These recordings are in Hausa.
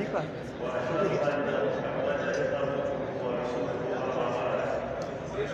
Ripa? Serious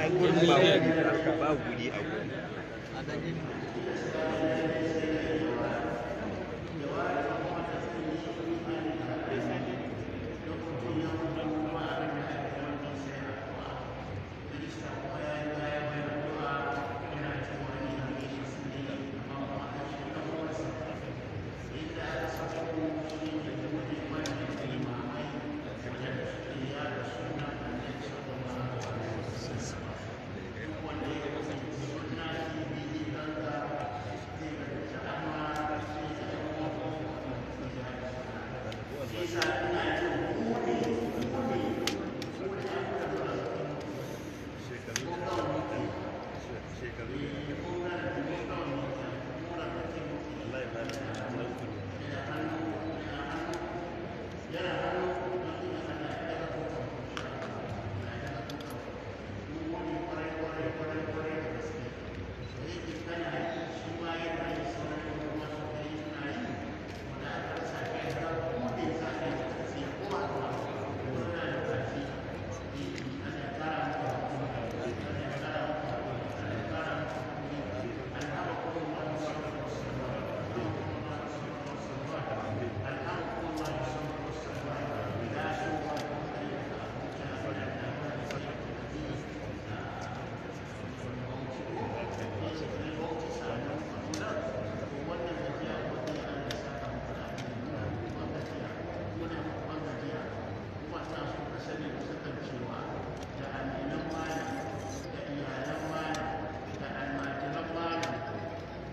ai gurin ba wuri ba guri a gurin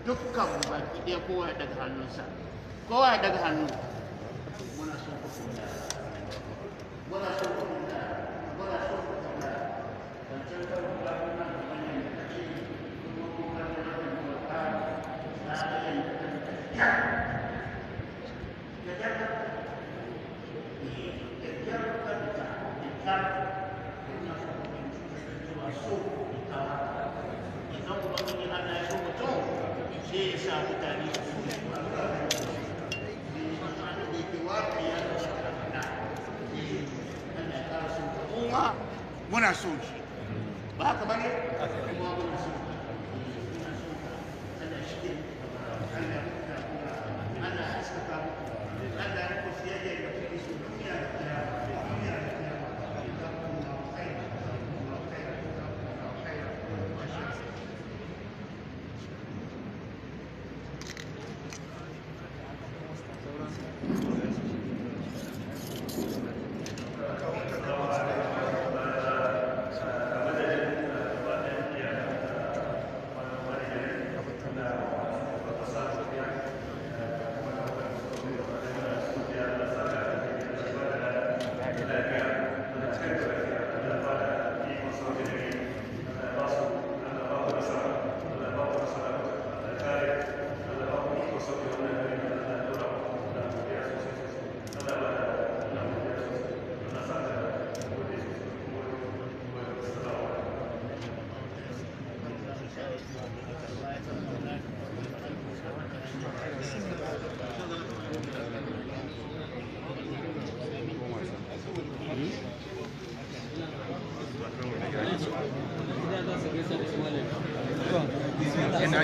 dukkan baki ɗaya kowa daga hannunsa kowa daga hannu muna son shi ba haka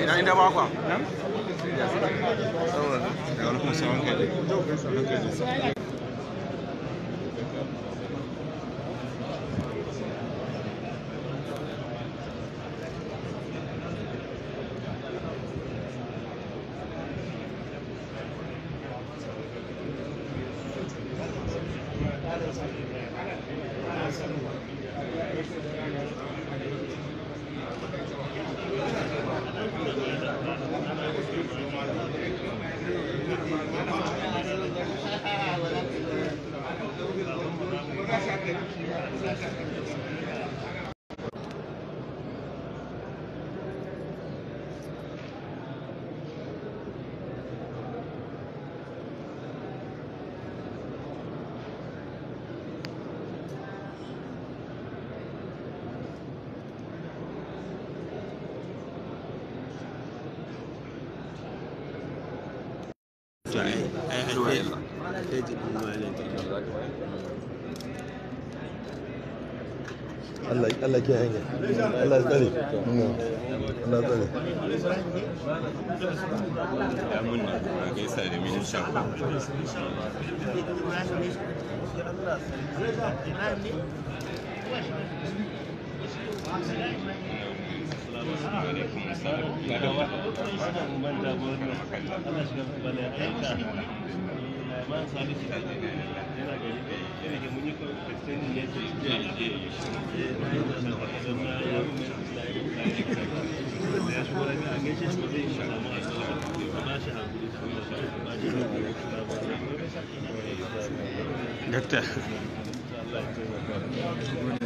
ina inda ba kwa? Nan? Ya. Saboda, da wani kuma 对，哎哎，对了，哎对，对对。Allah Allah ke hanya Allah tsare Allah tsare ya gaisa da man yana a